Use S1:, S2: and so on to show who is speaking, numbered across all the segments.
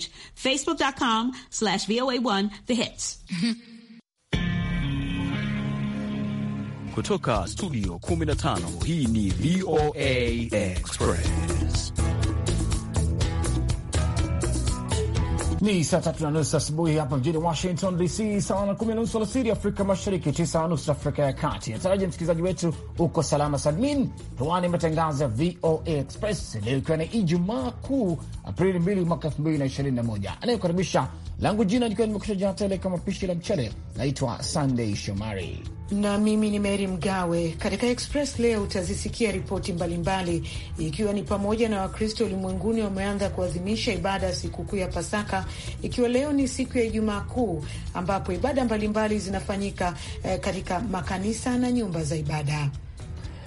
S1: facebook.com slash VOA1 The Hits.
S2: Kutoka studio 15 hii ni VOA Express.
S3: Ni saa tatu na nusu asubuhi hapa mjini Washington DC, sawa na kumi na nusu alasiri Afrika Mashariki, tisa na nusu Afrika ya Kati. Nataraji msikilizaji wetu uko salama salmin. Hewani matangazo ya VOA Express leo ikiwa ni Ijumaa Kuu, Aprili mbili mwaka moja. Anayekukaribisha langu jina likiwa nimekusha jaa tele kama pishi la mchele, naitwa Sandey Shomari
S1: na mimi ni Meri Mgawe. Katika Express leo utazisikia ripoti mbalimbali, ikiwa ni pamoja na Wakristo ulimwenguni wameanza kuadhimisha ibada ya sikukuu ya Pasaka, ikiwa leo ni siku ya Ijumaa Kuu ambapo ibada mbalimbali mbali zinafanyika
S3: eh, katika makanisa na nyumba za ibada.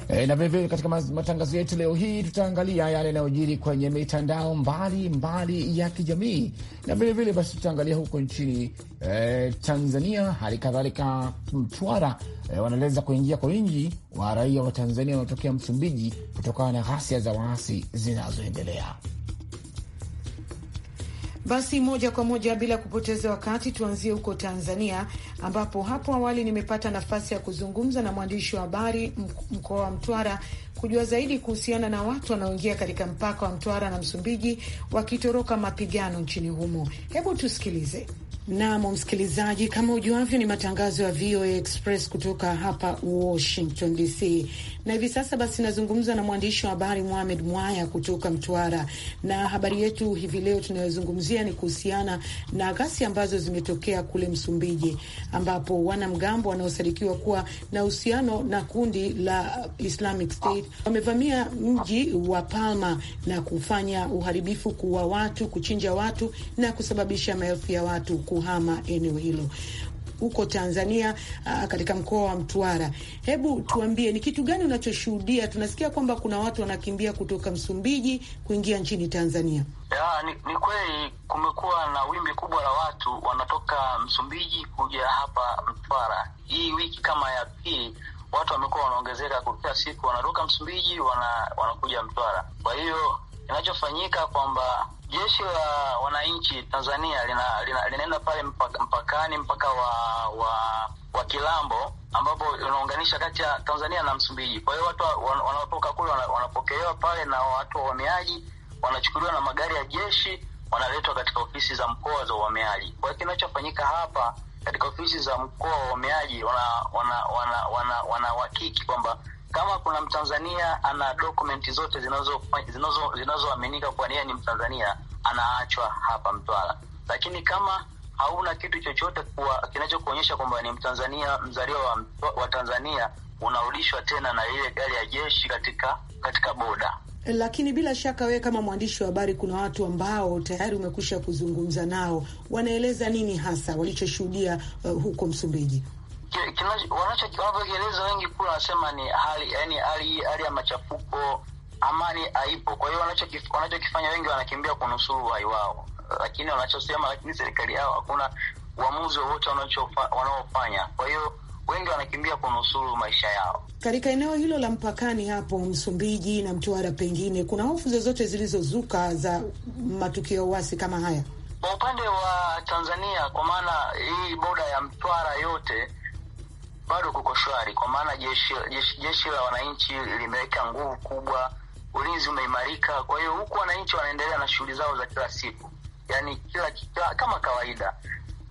S3: E, na vilevile katika matangazo yetu leo hii tutaangalia yale yanayojiri kwenye mitandao mbali mbali ya kijamii, na vilevile basi tutaangalia huko nchini e, Tanzania, hali kadhalika Mtwara e, wanaeleza kuingia kwa wingi wa raia wa Tanzania wanaotokea Msumbiji kutokana na ghasia za waasi zinazoendelea.
S1: Basi moja kwa moja bila kupoteza wakati, tuanzie huko Tanzania, ambapo hapo awali nimepata nafasi ya kuzungumza na mwandishi wa habari mkoa wa Mtwara kujua zaidi kuhusiana na watu wanaoingia katika mpaka wa Mtwara na Msumbiji wakitoroka mapigano nchini humo. Hebu tusikilize. Nam msikilizaji, kama ujuavyo, ni matangazo ya VOA Express kutoka hapa Washington DC. Na hivi sasa basi nazungumza na mwandishi wa habari Mohamed Mwaya kutoka Mtwara, na habari yetu hivi leo tunayozungumzia ni kuhusiana na ghasia ambazo zimetokea kule Msumbiji, ambapo wanamgambo wanaosadikiwa kuwa na uhusiano na kundi la Islamic State wamevamia mji wa Palma na kufanya uharibifu, kuua watu, kuchinja watu na kusababisha maelfu ya watu kuhama eneo hilo huko Tanzania, uh, katika mkoa wa Mtwara. Hebu tuambie ni kitu gani unachoshuhudia? Tunasikia kwamba kuna watu wanakimbia kutoka Msumbiji kuingia nchini Tanzania.
S4: Ya, ni, ni kweli kumekuwa na wimbi kubwa la watu wanatoka Msumbiji kuja hapa Mtwara. Hii wiki kama ya pili watu wamekuwa wanaongezeka kila siku, wanatoka Msumbiji wana, wanakuja Mtwara. Kwa hiyo kinachofanyika kwamba jeshi la wananchi Tanzania lina, lina, linaenda pale mpaka, mpakani mpaka wa, wa, wa Kilambo ambapo unaunganisha kati ya Tanzania na Msumbiji. Kwa hiyo watu wanaotoka kule wanapokelewa pale na watu wa uhamiaji, wanachukuliwa na magari ya jeshi, wanaletwa katika ofisi za mkoa za uhamiaji. Kwa hiyo kinachofanyika hapa katika ofisi za mkoa wa uhamiaji, wanawakiki wana, wana, wana, wana kwamba kama kuna Mtanzania ana dokumenti zote zinazoaminika zinazo, zinazo ni Mtanzania, anaachwa hapa Mtwara, lakini kama hauna kitu chochote kinachokuonyesha kwamba ni Mtanzania mzaliwa wa, wa Tanzania unaulishwa tena na ile gari ya jeshi katika katika boda.
S1: Lakini bila shaka wewe kama mwandishi wa habari, kuna watu ambao tayari umekwisha kuzungumza nao, wanaeleza nini hasa walichoshuhudia uh, huko Msumbiji?
S4: wanavyokieleza wengi kule wanasema ni hali yani, hali hali ya machafuko, amani haipo. Kwa hiyo wanachokifanya wengi wanakimbia kunusuru uhai wao, lakini wanachosema, lakini serikali yao hakuna uamuzi wowote wanaofanya. Kwa hiyo wengi wanakimbia kunusuru maisha yao.
S1: Katika eneo hilo la mpakani hapo Msumbiji na Mtwara, pengine kuna hofu zozote zilizozuka za matukio wasi kama haya
S4: kwa upande wa Tanzania? Kwa maana hii boda ya Mtwara yote bado kuko shwari, kwa maana jeshi, jeshi, jeshi la wananchi limeweka nguvu kubwa, ulinzi umeimarika. Kwa hiyo huku wananchi wanaendelea na shughuli zao za kila siku, yani kila, kila kama kawaida.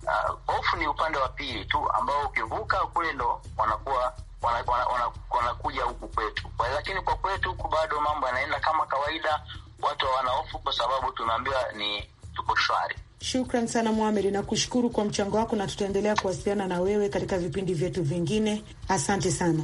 S4: Ah, hofu uh, ni upande wa pili tu ambao ukivuka kule ndo wanakuwa wanakuja wana, wana, wana huku kwetu, lakini kwa kwetu huku bado mambo yanaenda kama kawaida. Watu hawana hofu kwa sababu tumeambiwa ni tuko shwari.
S1: Shukran sana Muhamed, na kushukuru kwa mchango wako, na tutaendelea kuwasiliana na wewe katika vipindi vyetu vingine. Asante sana.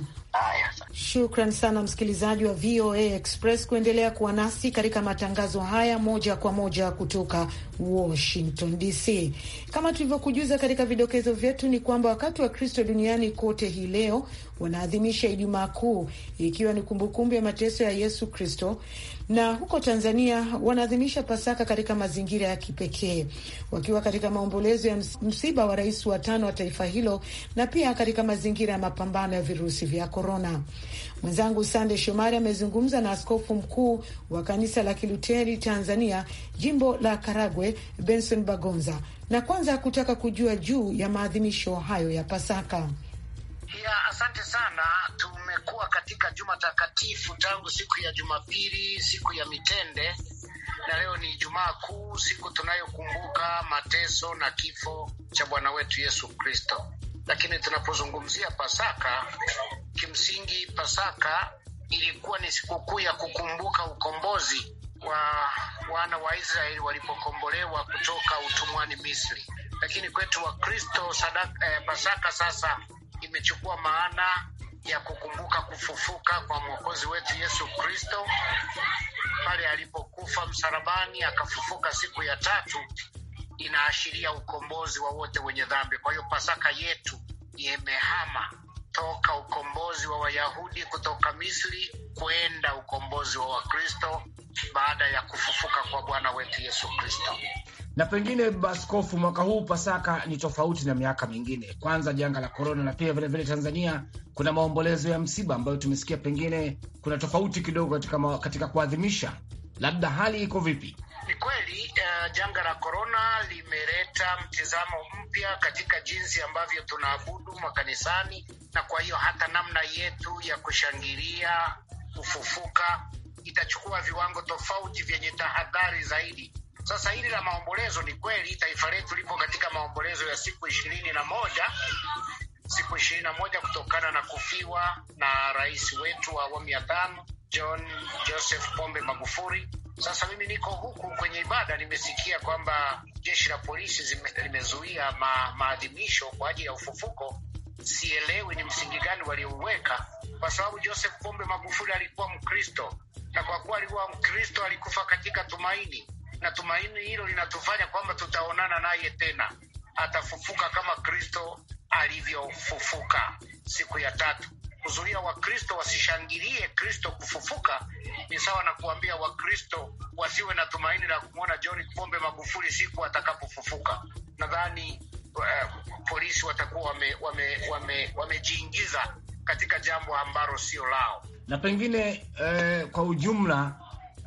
S1: Shukran sana msikilizaji wa VOA Express kuendelea kuwa nasi katika matangazo haya moja kwa moja kutoka Washington DC. Kama tulivyokujuza katika vidokezo vyetu, ni kwamba wakati wa Kristo duniani kote hii leo wanaadhimisha Ijumaa Kuu ikiwa ni kumbukumbu ya mateso ya Yesu Kristo, na huko Tanzania wanaadhimisha Pasaka katika mazingira ya kipekee, wakiwa katika maombolezo ya msiba wa rais wa tano wa taifa hilo na pia katika mazingira ya mapambano ya virusi vya korona. Mwenzangu Sande Shomari amezungumza na askofu mkuu wa kanisa la Kiluteri Tanzania jimbo la Karagwe, Benson Bagonza, na kwanza kutaka kujua juu ya maadhimisho hayo ya Pasaka.
S5: Ya, asante sana. Tumekuwa katika juma takatifu tangu siku ya Jumapili, siku ya mitende, na leo ni Ijumaa Kuu, siku tunayokumbuka mateso na kifo cha Bwana wetu Yesu Kristo. Lakini tunapozungumzia Pasaka, kimsingi Pasaka ilikuwa ni sikukuu ya kukumbuka ukombozi wa wana wa Israeli walipokombolewa kutoka utumwani Misri. Lakini kwetu Wakristo sadaka, eh, Pasaka sasa imechukua maana ya kukumbuka kufufuka kwa mwokozi wetu Yesu Kristo pale alipokufa msalabani akafufuka siku ya tatu, inaashiria ukombozi wa wote wenye dhambi. Kwa hiyo Pasaka yetu imehama toka ukombozi wa Wayahudi kutoka Misri kwenda ukombozi wa Wakristo baada ya kufufuka kwa Bwana wetu Yesu Kristo.
S3: Na pengine Baskofu, mwaka huu Pasaka ni tofauti na miaka mingine, kwanza janga la korona, na pia vilevile Tanzania kuna maombolezo ya msiba ambayo tumesikia, pengine kuna tofauti kidogo katika, katika kuadhimisha, labda hali iko vipi? Ni kweli uh, janga la korona limeleta
S5: mtizamo mpya katika jinsi ambavyo tunaabudu makanisani, na kwa hiyo hata namna yetu ya kushangilia kufufuka itachukua viwango tofauti vyenye tahadhari zaidi sasa hili la maombolezo, ni kweli taifa letu lipo katika maombolezo ya siku ishirini na moja siku ishirini na moja kutokana na kufiwa na rais wetu wa awamu ya tano John Joseph Pombe Magufuli. Sasa mimi niko huku kwenye ibada, nimesikia kwamba jeshi la polisi limezuia ma, maadhimisho kwa ajili ya ufufuko. Sielewi ni msingi gani waliouweka, kwa sababu Joseph Pombe Magufuli alikuwa Mkristo, na kwa kuwa alikuwa Mkristo alikufa katika tumaini na tumaini hilo linatufanya kwamba tutaonana naye tena, atafufuka kama Kristo alivyofufuka siku ya tatu. Kuzuia Wakristo wasishangilie Kristo kufufuka ni sawa na kuambia Wakristo wasiwe na tumaini la kumwona John Pombe Magufuli siku atakapofufuka. Nadhani uh, polisi watakuwa wamejiingiza wame, wame, wame katika jambo ambalo sio lao,
S3: na pengine uh, kwa ujumla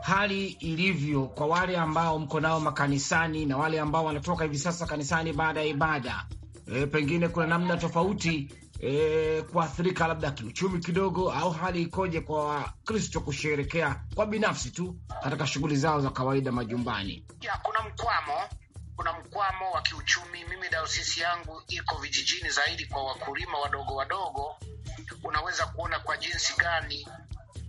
S3: hali ilivyo kwa wale ambao mko nao makanisani na wale ambao wanatoka hivi sasa kanisani baada ya ibada. E, pengine kuna namna tofauti e, kuathirika labda kiuchumi kidogo, au hali ikoje kwa Wakristo kusherekea kwa binafsi tu katika shughuli zao za kawaida majumbani?
S5: Ya, kuna mkwamo kuna mkwamo wa kiuchumi. Mimi dayosisi yangu iko vijijini zaidi, kwa wakulima wadogo wadogo, unaweza kuona kwa jinsi gani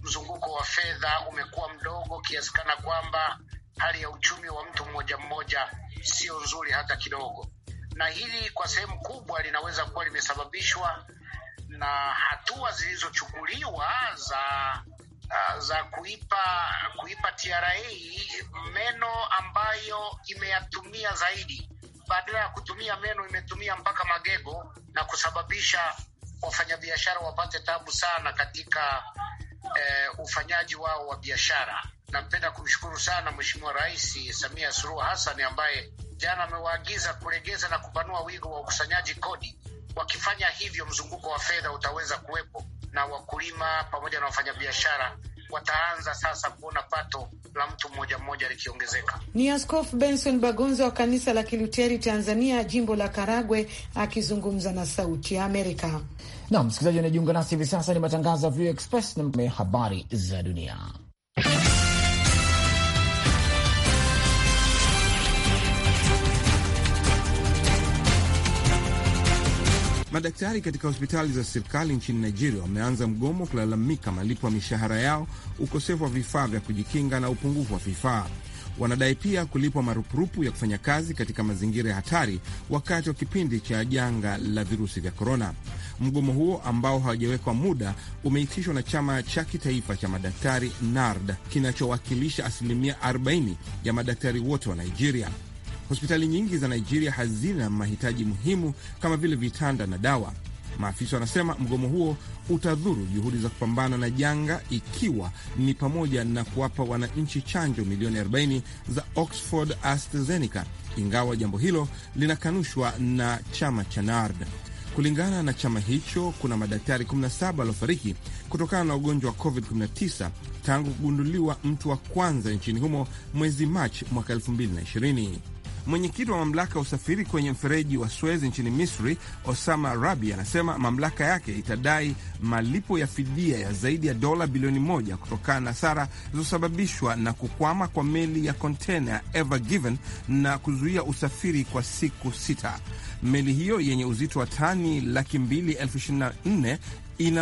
S5: mzunguko wa fedha umekuwa mdogo kiasi kana kwamba hali ya uchumi wa mtu mmoja mmoja sio nzuri hata kidogo, na hili kwa sehemu kubwa linaweza kuwa limesababishwa na hatua zilizochukuliwa za uh, za kuipa kuipa TRA meno ambayo imeyatumia zaidi, badala ya kutumia meno imetumia mpaka magego na kusababisha wafanyabiashara wapate tabu sana katika eh, ufanyaji wao wa biashara. Napenda kumshukuru sana Mheshimiwa Rais Samia Suluhu Hassan ambaye jana amewaagiza kulegeza na kupanua wigo wa ukusanyaji kodi. Wakifanya hivyo, mzunguko wa fedha utaweza kuwepo na wakulima pamoja na wafanyabiashara
S1: wataanza sasa kuona pato la mtu mmoja mmoja likiongezeka. Ni Askofu Benson Bagonza wa kanisa la Kiluteri Tanzania, jimbo la Karagwe, akizungumza na Sauti ya Amerika.
S3: Nam msikilizaji anayejiunga nasi hivi sasa, ni matangazo ya VOA Express na habari za dunia.
S2: Madaktari katika hospitali za serikali nchini Nigeria wameanza mgomo kulalamika malipo ya mishahara yao, ukosefu wa vifaa vya kujikinga na upungufu wa vifaa. Wanadai pia kulipwa marupurupu ya kufanya kazi katika mazingira ya hatari wakati wa kipindi cha janga la virusi vya korona. Mgomo huo ambao hawajawekwa muda umeitishwa na chama cha kitaifa cha madaktari NARD kinachowakilisha asilimia 40 ya madaktari wote wa Nigeria. Hospitali nyingi za Nigeria hazina mahitaji muhimu kama vile vitanda na dawa. Maafisa wanasema mgomo huo utadhuru juhudi za kupambana na janga, ikiwa ni pamoja na kuwapa wananchi chanjo milioni 40 za Oxford AstraZeneca, ingawa jambo hilo linakanushwa na chama cha NARD. Kulingana na chama hicho, kuna madaktari 17 waliofariki kutokana na ugonjwa wa COVID-19 tangu kugunduliwa mtu wa kwanza nchini humo mwezi Machi mwaka 2020. Mwenyekiti wa mamlaka ya usafiri kwenye mfereji wa Suez nchini Misri, Osama Rabi, anasema mamlaka yake itadai malipo ya fidia ya zaidi ya dola bilioni moja kutokana na hasara zilizosababishwa na kukwama kwa meli ya kontena ya Ever Given na kuzuia usafiri kwa siku sita. Meli hiyo yenye uzito wa tani laki mbili elfu ishirini na nne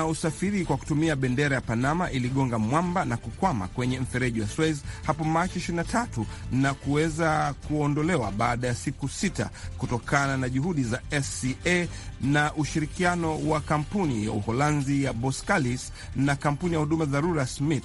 S2: usafiri kwa kutumia bendera ya Panama iligonga mwamba na kukwama kwenye mfereji wa Suez hapo Machi 23 na kuweza kuondolewa baada ya siku sita kutokana na juhudi za SCA na ushirikiano wa kampuni ya Uholanzi ya Boskalis na kampuni ya huduma dharura Smith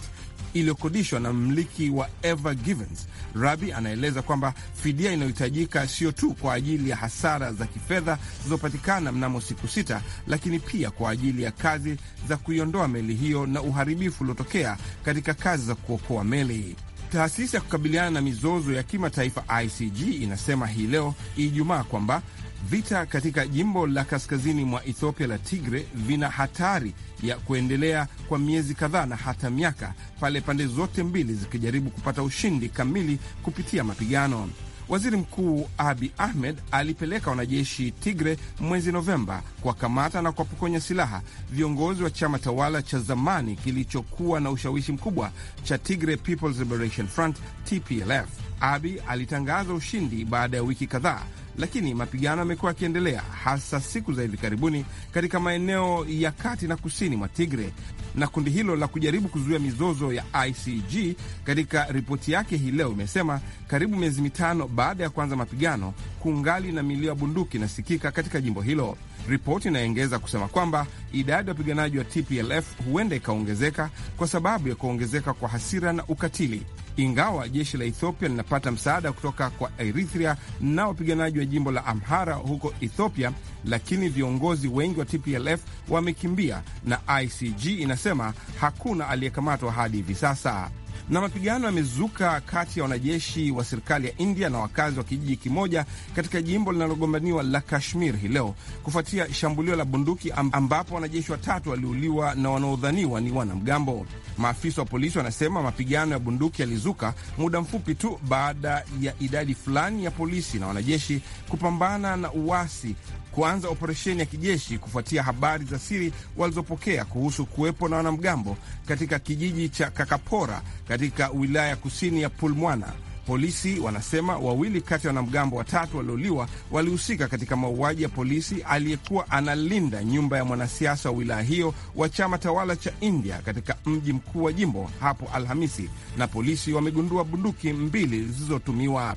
S2: iliyokodishwa na mmiliki wa Ever Givens. Rabi anaeleza kwamba fidia inayohitajika sio tu kwa ajili ya hasara za kifedha zilizopatikana mnamo siku sita, lakini pia kwa ajili ya kazi za kuiondoa meli hiyo na uharibifu uliotokea katika kazi za kuokoa meli. Taasisi ya kukabiliana na mizozo ya kimataifa ICG inasema hii leo Ijumaa kwamba Vita katika jimbo la kaskazini mwa Ethiopia la Tigre vina hatari ya kuendelea kwa miezi kadhaa na hata miaka, pale pande zote mbili zikijaribu kupata ushindi kamili kupitia mapigano. Waziri Mkuu Abi Ahmed alipeleka wanajeshi Tigre mwezi Novemba kuwakamata na kuwapokonya silaha viongozi wa chama tawala cha zamani kilichokuwa na ushawishi mkubwa cha Tigre People's Liberation Front, TPLF. Abi alitangaza ushindi baada ya wiki kadhaa, lakini mapigano yamekuwa yakiendelea hasa siku za hivi karibuni katika maeneo ya kati na kusini mwa Tigre, na kundi hilo la kujaribu kuzuia mizozo ya ICG katika ripoti yake hii leo imesema karibu miezi mitano baada ya kuanza mapigano, kungali na milio ya bunduki inasikika katika jimbo hilo. Ripoti inaongeza kusema kwamba idadi ya wapiganaji wa TPLF huenda ikaongezeka kwa sababu ya kuongezeka kwa hasira na ukatili. Ingawa jeshi la Ethiopia linapata msaada kutoka kwa Eritrea na wapiganaji wa jimbo la Amhara huko Ethiopia, lakini viongozi wengi wa TPLF wamekimbia na ICG inasema hakuna aliyekamatwa hadi hivi sasa na mapigano yamezuka kati ya wanajeshi wa serikali ya India na wakazi wa kijiji kimoja katika jimbo linalogombaniwa la Kashmir hii leo kufuatia shambulio la bunduki ambapo wanajeshi watatu waliuliwa na wanaodhaniwa ni wanamgambo. Maafisa wa polisi wanasema mapigano ya bunduki yalizuka muda mfupi tu baada ya idadi fulani ya polisi na wanajeshi kupambana na uasi kuanza operesheni ya kijeshi kufuatia habari za siri walizopokea kuhusu kuwepo na wanamgambo katika kijiji cha Kakapora katika wilaya kusini ya Pulmwana, polisi wanasema wawili kati ya wanamgambo watatu waliouliwa walihusika katika mauaji ya polisi aliyekuwa analinda nyumba ya mwanasiasa wa wilaya hiyo wa chama tawala cha India katika mji mkuu wa jimbo hapo Alhamisi, na polisi wamegundua bunduki mbili zilizotumiwa.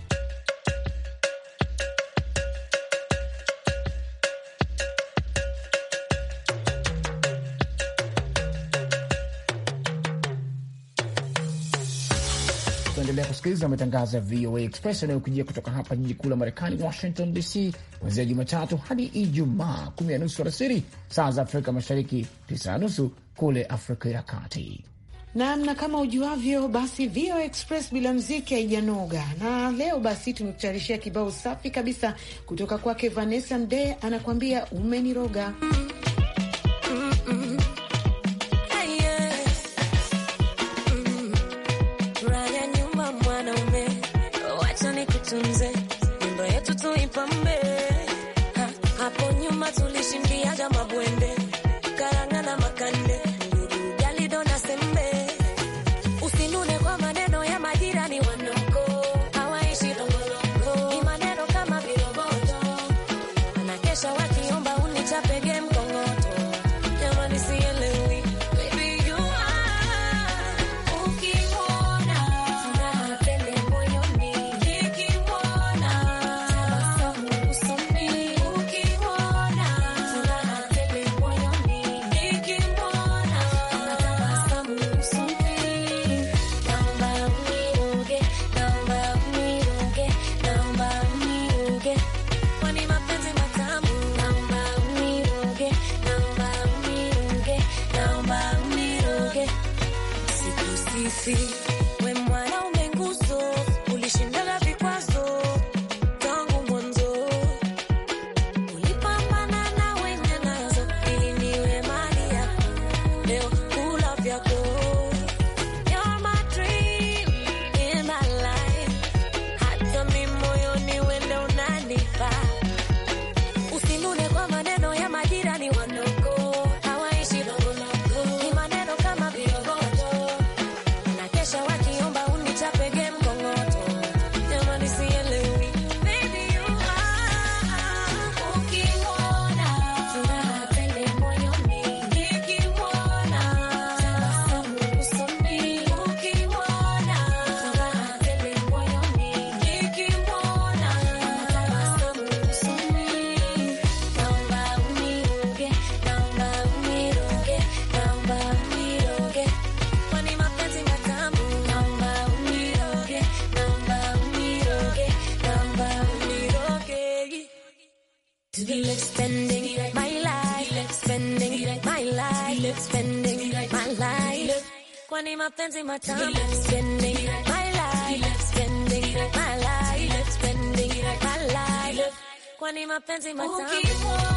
S3: Unaendelea kusikiliza matangazo ya VOA Express yanayokujia kutoka hapa jiji kuu la Marekani, Washington DC, kuanzia Jumatatu hadi Ijumaa kumi na nusu alasiri saa za Afrika Mashariki, tisa na nusu kule Afrika ya Kati.
S1: Naam, na kama ujuavyo, basi VOA Express bila mziki haijanoga, na leo basi tumekutayarishia kibao safi kabisa kutoka kwake Vanessa Mdee, anakuambia umeniroga.
S6: spending my time. We love spending my life. We left spending my life. We love spending my life. Kwani my matamu.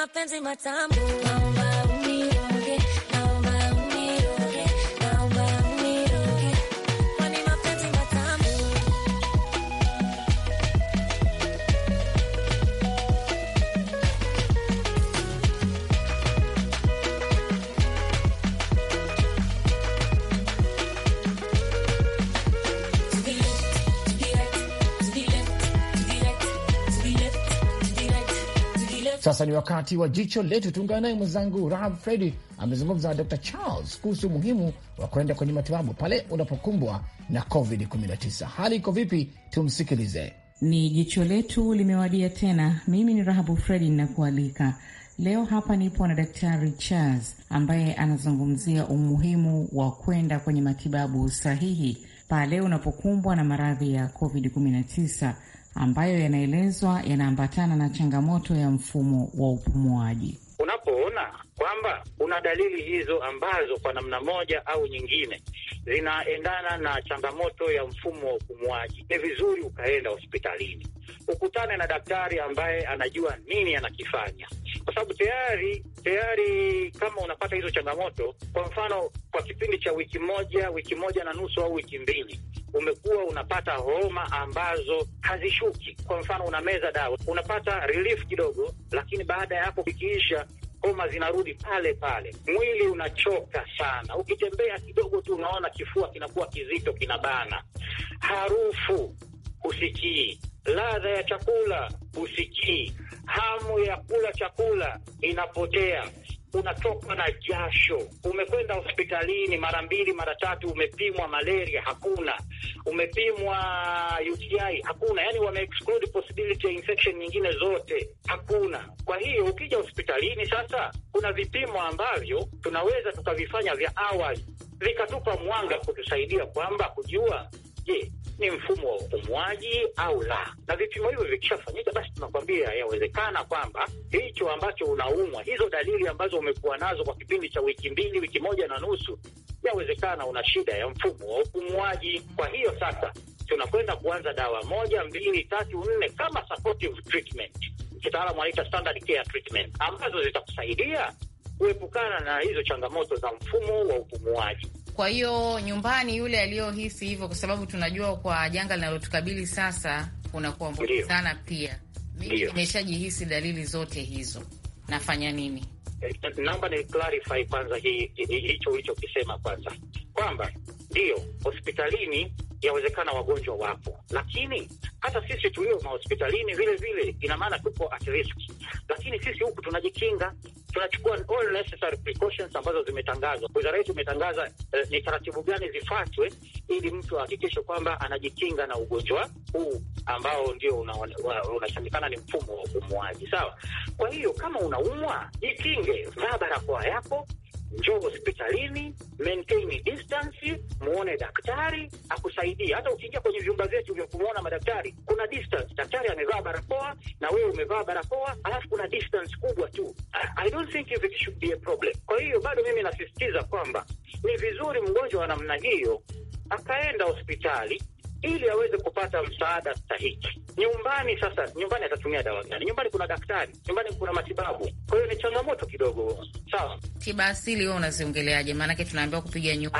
S6: My mapenzi matamu
S3: Sasa ni wakati wa jicho letu. Tuungana naye mwenzangu Rahab Fredi, amezungumza na Dr Charles kuhusu umuhimu wa kwenda kwenye matibabu pale unapokumbwa na COVID-19. Hali iko vipi? Tumsikilize.
S1: Ni jicho letu limewadia tena. Mimi ni Rahabu Fredi ninakualika leo. Hapa nipo na Daktari Charles ambaye anazungumzia umuhimu wa kwenda kwenye matibabu sahihi pale unapokumbwa na maradhi ya COVID-19 ambayo yanaelezwa yanaambatana na changamoto ya mfumo wa upumuaji.
S7: Unapoona kwamba una dalili hizo ambazo kwa namna moja au nyingine zinaendana na changamoto ya mfumo wa upumuaji, ni vizuri ukaenda hospitalini ukutane na daktari ambaye anajua nini anakifanya, kwa sababu tayari tayari kama unapata hizo changamoto, kwa mfano kwa kipindi cha wiki moja, wiki moja na nusu au wiki mbili, umekuwa unapata homa ambazo hazishuki. Kwa mfano unameza dawa, unapata relief kidogo, lakini baada ya hapo ikiisha homa zinarudi pale pale, mwili unachoka sana, ukitembea kidogo tu unaona kifua kinakuwa kizito, kinabana, harufu husikii, ladha ya chakula husikii, hamu ya kula chakula inapotea, unatokwa na jasho, umekwenda hospitalini mara mbili mara tatu, umepimwa malaria hakuna, umepimwa UTI hakuna, yani wame exclude possibility ya infection nyingine zote hakuna. Kwa hiyo ukija hospitalini sasa, kuna vipimo ambavyo tunaweza tukavifanya vya awali vikatupa mwanga kutusaidia kwamba kujua je ni mfumo wa upumuaji au la. Na vipimo hivyo vikishafanyika, basi tunakwambia yawezekana kwamba hicho ambacho unaumwa, hizo dalili ambazo umekuwa nazo kwa kipindi cha wiki mbili, wiki moja na nusu, yawezekana una shida ya mfumo wa upumuaji. Kwa hiyo sasa tunakwenda kuanza dawa moja, mbili, tatu, nne kama supportive treatment, kitaalamu wanaita standard care treatment, ambazo zitakusaidia kuepukana na hizo changamoto za mfumo wa upumuaji.
S1: Kwa hiyo nyumbani, yule aliyohisi hivyo, kwa sababu tunajua kwa janga linalotukabili sasa kuna kuambukizana pia. Mimi nimeshajihisi dalili zote hizo, nafanya nini?
S4: Eh,
S7: naomba ni clarify kwanza hicho ulichokisema kwanza, kwamba ndio hospitalini yawezekana wagonjwa wapo, lakini hata sisi tulio mahospitalini vile vile, ina maana tuko at risk, lakini sisi huku tunajikinga, tunachukua all necessary precautions ambazo zimetangazwa. Wizara yetu imetangaza eh, ni taratibu gani zifuatwe ili mtu ahakikishe kwamba anajikinga na ugonjwa huu ambao ndio unasemekana ni mfumo wa upumuaji. Sawa. Kwa hiyo kama unaumwa, jikinge, vaa barakoa yako njoo hospitalini, maintain distance, muone daktari akusaidie. Hata ukiingia kwenye vyumba vyetu vya kumwona madaktari kuna distance, daktari amevaa barakoa na wewe umevaa barakoa, alafu kuna distance kubwa tu. I don't think if it should be a problem. Kwa hiyo bado mimi nasisitiza kwamba ni vizuri mgonjwa wa namna hiyo akaenda hospitali ili aweze kupata msaada stahiki nyumbani. Sasa nyumbani atatumia dawa gani? Nyumbani kuna daktari, nyumbani kuna matibabu. Kwa hiyo ni changamoto kidogo.
S1: Sawa, tiba asili wewe unaziongeleaje? Maanake tunaambiwa kupiga nyundo.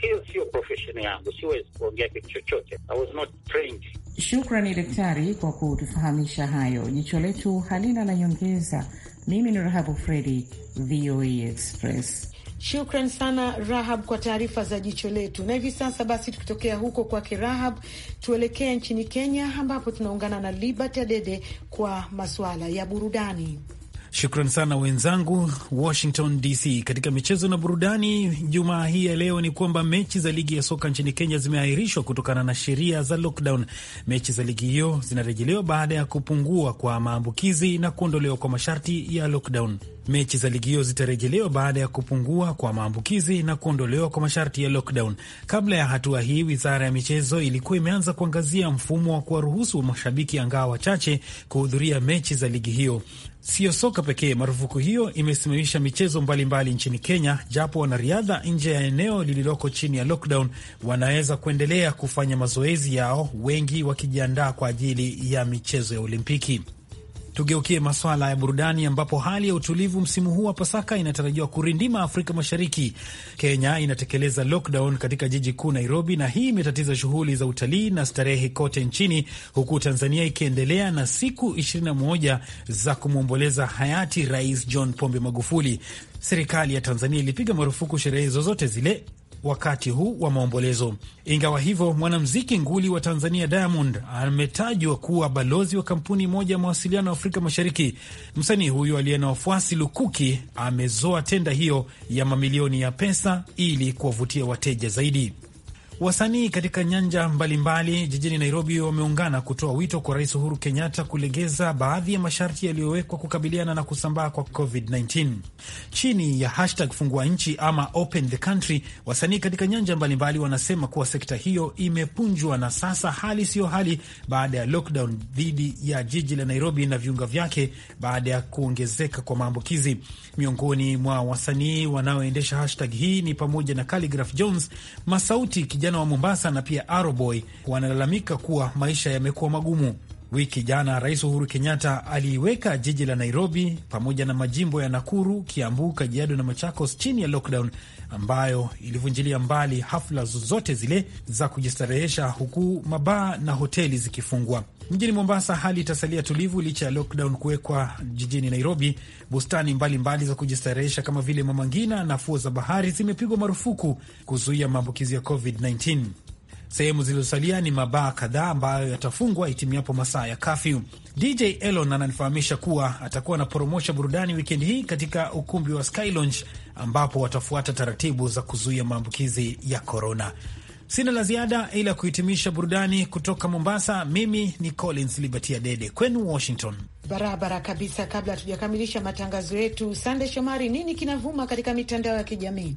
S1: Hiyo sio profesheni yangu, siwezi kuongea kitu chochote. I was not trained. Shukrani daktari kwa kutufahamisha hayo. Jicho letu halina la nyongeza. Mimi ni Rahabu Fredi, VOA e Express. Shukran sana Rahab kwa taarifa za jicho letu. Na hivi sasa basi, tukitokea huko kwake Rahab, tuelekee nchini Kenya ambapo tunaungana na Liberty Adede kwa masuala ya burudani.
S8: Shukran sana wenzangu Washington DC. Katika michezo na burudani jumaa hii ya leo ni kwamba mechi za ligi ya soka nchini Kenya zimeahirishwa kutokana na sheria za lockdown. Mechi za ligi hiyo zinarejelewa baada ya kupungua kwa maambukizi na kuondolewa kwa masharti ya lockdown. Mechi za ligi hiyo zitarejelewa baada ya kupungua kwa maambukizi na kuondolewa kwa masharti ya lockdown. Kabla ya hatua hii, wizara ya michezo ilikuwa imeanza kuangazia mfumo wa kuwaruhusu mashabiki angaa wachache kuhudhuria mechi za ligi hiyo. Siyo soka pekee, marufuku hiyo imesimamisha michezo mbalimbali mbali nchini Kenya, japo wanariadha nje ya eneo lililoko chini ya lockdown wanaweza kuendelea kufanya mazoezi yao, wengi wakijiandaa kwa ajili ya michezo ya Olimpiki. Tugeukie maswala ya burudani ambapo hali ya utulivu msimu huu wa Pasaka inatarajiwa kurindima Afrika Mashariki. Kenya inatekeleza lockdown katika jiji kuu Nairobi, na hii imetatiza shughuli za utalii na starehe kote nchini, huku Tanzania ikiendelea na siku 21 za kumwomboleza hayati Rais John Pombe Magufuli. Serikali ya Tanzania ilipiga marufuku sherehe zozote zile wakati huu wa maombolezo. Ingawa hivyo, mwanamuziki nguli wa Tanzania Diamond ametajwa kuwa balozi wa kampuni moja ya mawasiliano ya Afrika Mashariki. Msanii huyo aliye na wafuasi lukuki amezoa tenda hiyo ya mamilioni ya pesa ili kuwavutia wateja zaidi. Wasanii katika nyanja mbalimbali mbali jijini Nairobi wameungana kutoa wito kwa Rais Uhuru Kenyatta kulegeza baadhi ya masharti yaliyowekwa kukabiliana na kusambaa kwa COVID-19. Chini ya hashtag fungua nchi ama open the country, wasanii katika nyanja mbalimbali mbali wanasema kuwa sekta hiyo imepunjwa na sasa hali siyo hali baada ya lockdown dhidi ya jiji la Nairobi na viunga vyake baada ya kuongezeka kwa maambukizi. Miongoni mwa wasanii wanaoendesha hashtag hii ni pamoja na Khaligraph Jones, Masauti, kijana vijana wa Mombasa na pia Aroboy wanalalamika kuwa maisha yamekuwa magumu. Wiki jana Rais Uhuru Kenyatta aliiweka jiji la Nairobi pamoja na majimbo ya Nakuru, Kiambu, Kajiado na Machakos chini ya lockdown ambayo ilivunjilia mbali hafla zozote zile za kujistarehesha, huku mabaa na hoteli zikifungwa. Mjini Mombasa hali itasalia tulivu licha ya lockdown kuwekwa. Jijini Nairobi, bustani mbalimbali mbali za kujistarehesha kama vile Mama Ngina na fuo za bahari zimepigwa marufuku kuzuia maambukizi ya COVID-19. Sehemu zilizosalia ni mabaa kadhaa ambayo yatafungwa itimiapo masaa ya kafyu. DJ Elon ananifahamisha kuwa atakuwa poromosha burudani wikendi hii katika ukumbi wa Sky Lounge ambapo watafuata taratibu za kuzuia maambukizi ya korona. Sina la ziada ila kuhitimisha burudani kutoka Mombasa. Mimi ni Collins Libertia Dede kwenu Washington.
S1: Barabara kabisa. Kabla hatujakamilisha matangazo yetu, Sande Shomari, nini kinavuma katika mitandao ya kijamii?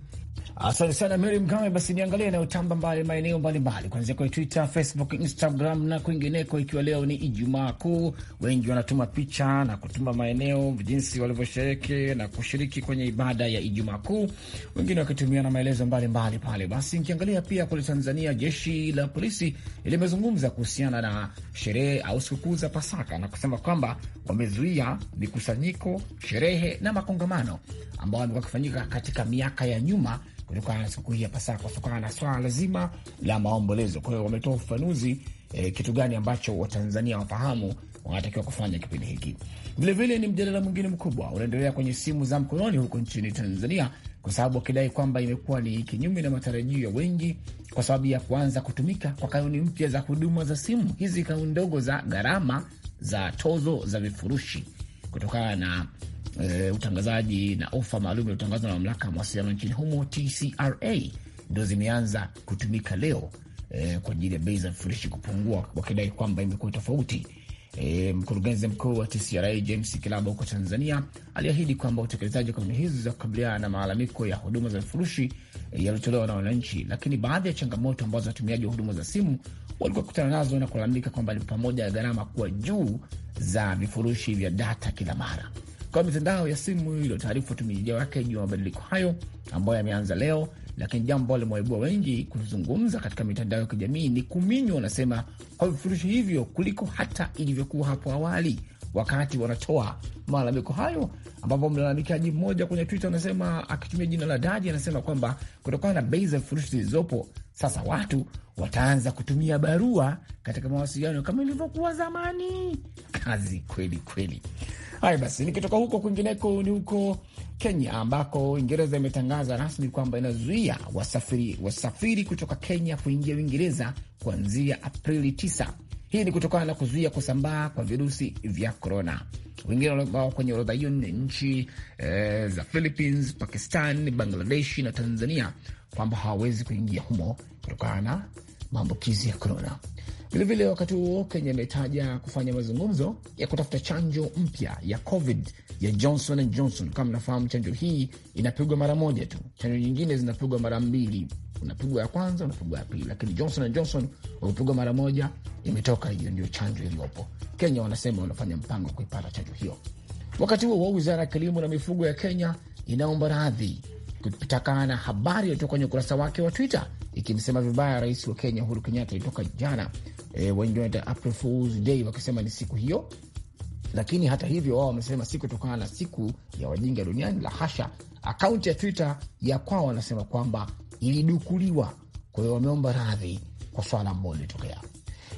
S3: Asante sana Mary Mgawe. Basi niangalia inayotamba mbali maeneo mbalimbali, kuanzia kwenye Twitter, Facebook, Instagram na kwingineko, ikiwa leo ni Ijumaa Kuu. Wengi wanatuma picha na kutuma maeneo jinsi walivyoshereke na kushiriki kwenye ibada ya Ijumaa Kuu, wengine wakitumia na maelezo mbalimbali pale. Basi nikiangalia pia kule Tanzania, jeshi la polisi limezungumza kuhusiana na sherehe au sikukuu za Pasaka na kusema kwamba wamezuia mikusanyiko, sherehe na makongamano ambayo yamekuwa akifanyika katika miaka ya nyuma kutokana na siku hii ya Pasaka, kutokana na swala lazima la maombolezo. Kwa hiyo wametoa ufafanuzi eh, kitu gani ambacho Watanzania wafahamu wanatakiwa kufanya kipindi hiki. Vilevile ni mjadala mwingine mkubwa unaendelea kwenye simu za mkononi huko nchini Tanzania, kwa sababu wakidai kwamba imekuwa ni kinyume na matarajio ya wengi kwa sababu ya kuanza kutumika kwa kanuni mpya za huduma za simu, hizi kanuni ndogo za gharama za tozo za vifurushi kutokana na e, utangazaji na ofa maalum iliyotangazwa na mamlaka ya mawasiliano nchini humo TCRA ndo zimeanza kutumika leo e, kwa ajili ya bei za vifurushi kupungua, wakidai kwamba imekuwa tofauti. E, mkurugenzi mkuu wa TCRA James Kilaba huko Tanzania aliahidi kwamba utekelezaji wa kanuni hizi za kukabiliana na malalamiko ya huduma za vifurushi yaliyotolewa na wananchi, lakini baadhi ya changamoto ambazo watumiaji wa huduma za simu walikuwa kutana nazo na kulalamika kwamba ni pamoja na gharama kuwa juu za vifurushi vya data kila mara. Kwa mitandao ya simu iliyotaarifu watumiaji wake juu ya mabadiliko hayo ambayo yameanza leo, lakini jambo limewaibua wengi kuzungumza katika mitandao ya kijamii ni kuminywa, wanasema, kwa vifurushi hivyo kuliko hata ilivyokuwa hapo awali, wakati wanatoa malalamiko hayo, ambapo mlalamikaji mmoja kwenye Twitter anasema, akitumia jina la Daji, anasema kwamba kutokana na bei za vifurushi zilizopo sasa, watu wataanza kutumia barua katika mawasiliano kama ilivyokuwa zamani. Kazi kweli kweli. Haya basi, nikitoka huko kwingineko, ni huko Kenya ambako Uingereza imetangaza rasmi kwamba inazuia wasafiri wasafiri kutoka Kenya kuingia Uingereza kuanzia Aprili hii ni kutokana na kuzuia kusambaa kwa virusi vya korona. Wengine wao kwenye orodha hiyo ni nchi e, za Philippines, Pakistan, bangladeshi na Tanzania, kwamba hawawezi kuingia humo kutokana na maambukizi ya korona. Vilevile, wakati huo Kenya imetaja kufanya mazungumzo ya kutafuta chanjo mpya ya COVID ya Johnson and Johnson. Kama mnafahamu, chanjo hii inapigwa mara moja tu, chanjo nyingine zinapigwa mara mbili unapigwa ya kwanza, unapigwa ya pili. Lakini Johnson and Johnson wamepigwa mara moja, imetoka hiyo, ndio chanjo iliyopo. Kenya wanasema wanafanya mpango wa kuipata chanjo hiyo. Wakati huo wa wizara ya kilimo na mifugo ya Kenya inaomba radhi kutokana na habari iliyotoka kwenye ukurasa wake wa Twitter ikimsema vibaya rais wa Kenya Uhuru Kenyatta ilitoka jana e, wengi wanaita April Fools Day wakisema ni siku hiyo, lakini hata hivyo wao wamesema si kutokana na siku ya wajinga duniani, la hasha. Akaunti ya Twitter ya kwao wanasema kwamba ilidukuliwa. Kwa hiyo wameomba radhi kwa swala ambalo lilitokea.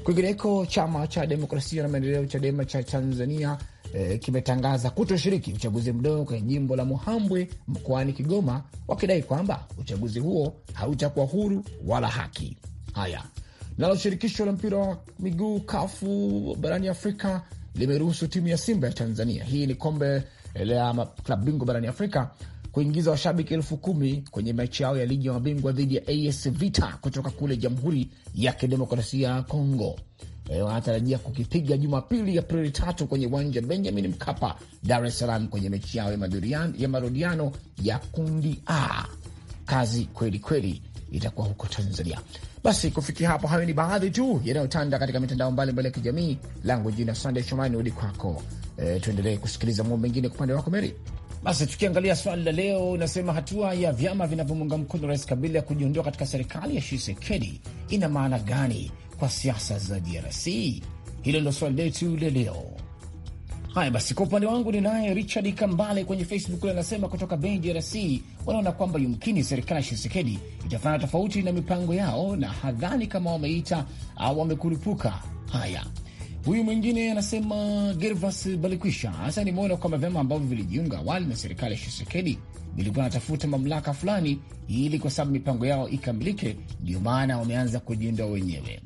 S3: Kwingineko, chama cha demokrasia na maendeleo CHADEMA cha Tanzania eh, kimetangaza kutoshiriki uchaguzi mdogo kwenye jimbo la Muhambwe mkoani Kigoma, wakidai kwamba uchaguzi huo hautakuwa huru wala haki. Haya, nalo shirikisho la mpira wa miguu kafu barani Afrika limeruhusu timu ya Simba ya Tanzania, hii ni kombe la klabu bingwa barani Afrika kuingiza washabiki elfu kumi kwenye mechi yao ya ligi ya mabingwa dhidi ya AS Vita kutoka kule Jamhuri ya Kidemokrasia ya Kongo. Wanatarajia kukipiga Jumapili Aprili tatu kwenye uwanja Benjamin Mkapa, Dar es Salaam, kwenye mechi yao ya marudiano ya kundi A. Kazi kweli kweli itakuwa huko Tanzania. Basi kufikia hapo, hayo ni baadhi tu yanayotanda katika mitandao mbalimbali ya kijamii. Langu jina Sandey Shomani, udi kwako. E, tuendelee kusikiliza mambo mengine kwa upande wako Meri. Basi tukiangalia swali la leo, inasema hatua ya vyama vinavyomuunga mkono Rais Kabila ya kujiondoa katika serikali ya Shisekedi ina maana gani kwa siasa za DRC? Hilo ndo swali letu la leo. Haya basi, kwa upande wangu ni naye Richard Kambale kwenye Facebook anasema kutoka Beni, DRC, wanaona kwamba yumkini serikali ya Shisekedi itafanya tofauti na mipango yao, na hadhani kama wameita au wamekurupuka. Haya Huyu mwingine anasema Gervas Balikwisha, hasa nimeona kwamba vyama ambavyo vilijiunga awali na serikali ya Shisekedi vilikuwa wanatafuta mamlaka fulani ili kwa sababu mipango yao ikamilike, ndio maana wameanza kujiondoa wenyewe.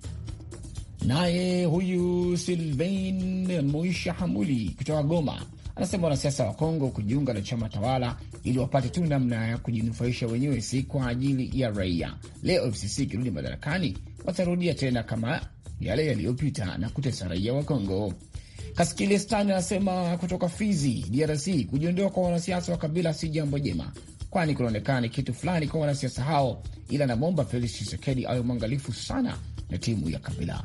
S3: Naye huyu silvain Moisha Hamuli kutoka Goma anasema wanasiasa wa Kongo kujiunga na chama tawala ili wapate tu namna ya kujinufaisha wenyewe, si kwa ajili ya raia. Leo FCC ikirudi madarakani watarudia tena kama yale yaliyopita na kutesa raia wa Kongo. Kaskile Stan anasema kutoka Fizi, DRC, kujiondoa kwa wanasiasa wa kabila si jambo jema, kwani kunaonekana ni kitu fulani kwa wanasiasa hao, ila namwomba Felix Chisekedi awe mwangalifu sana na timu ya kabila.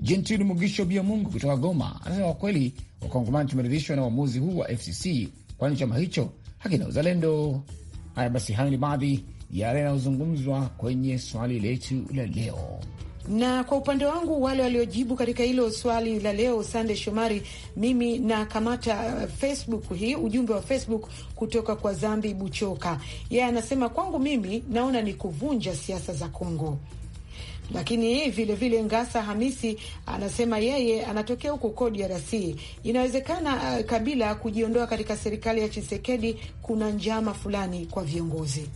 S3: Jentili Mugisho Bia Mungu kutoka Goma anasema kwa kweli Wakongomani tumeridhishwa na uamuzi huu wa FCC, kwani chama hicho hakina uzalendo. Haya basi, hayo ni baadhi yale yanayozungumzwa kwenye swali letu la leo.
S1: Na kwa upande wangu wale waliojibu katika hilo swali la leo, Sande Shomari, mimi nakamata uh, Facebook hii, ujumbe wa Facebook kutoka kwa Zambi Buchoka. Yeye anasema kwangu mimi naona ni kuvunja siasa za Kongo lakini vilevile vile Ngasa Hamisi anasema yeye anatokea huko ya DRC. Inawezekana uh, Kabila kujiondoa katika serikali ya Chisekedi kuna njama fulani kwa viongozi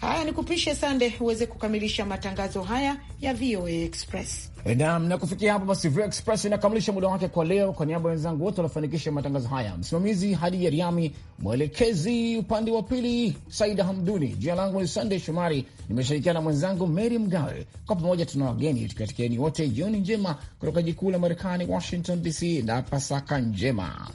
S1: Haya, ni kupishe Sande uweze kukamilisha matangazo haya ya VOA Express
S3: eh, nam. Na kufikia hapo basi, VOA Express inakamilisha muda wake kwa leo. Kwa niaba ya wenzangu wote waliofanikisha matangazo haya, msimamizi Hadi Yariami, mwelekezi upande wa pili Saida Hamduni, jina langu ni Sandey Shomari, nimeshirikiana na mwenzangu Mary Mgawe. Kwa pamoja tuna wageni tukiwatakieni wote jioni njema kutoka jikuu la Marekani, Washington DC, na Pasaka njema.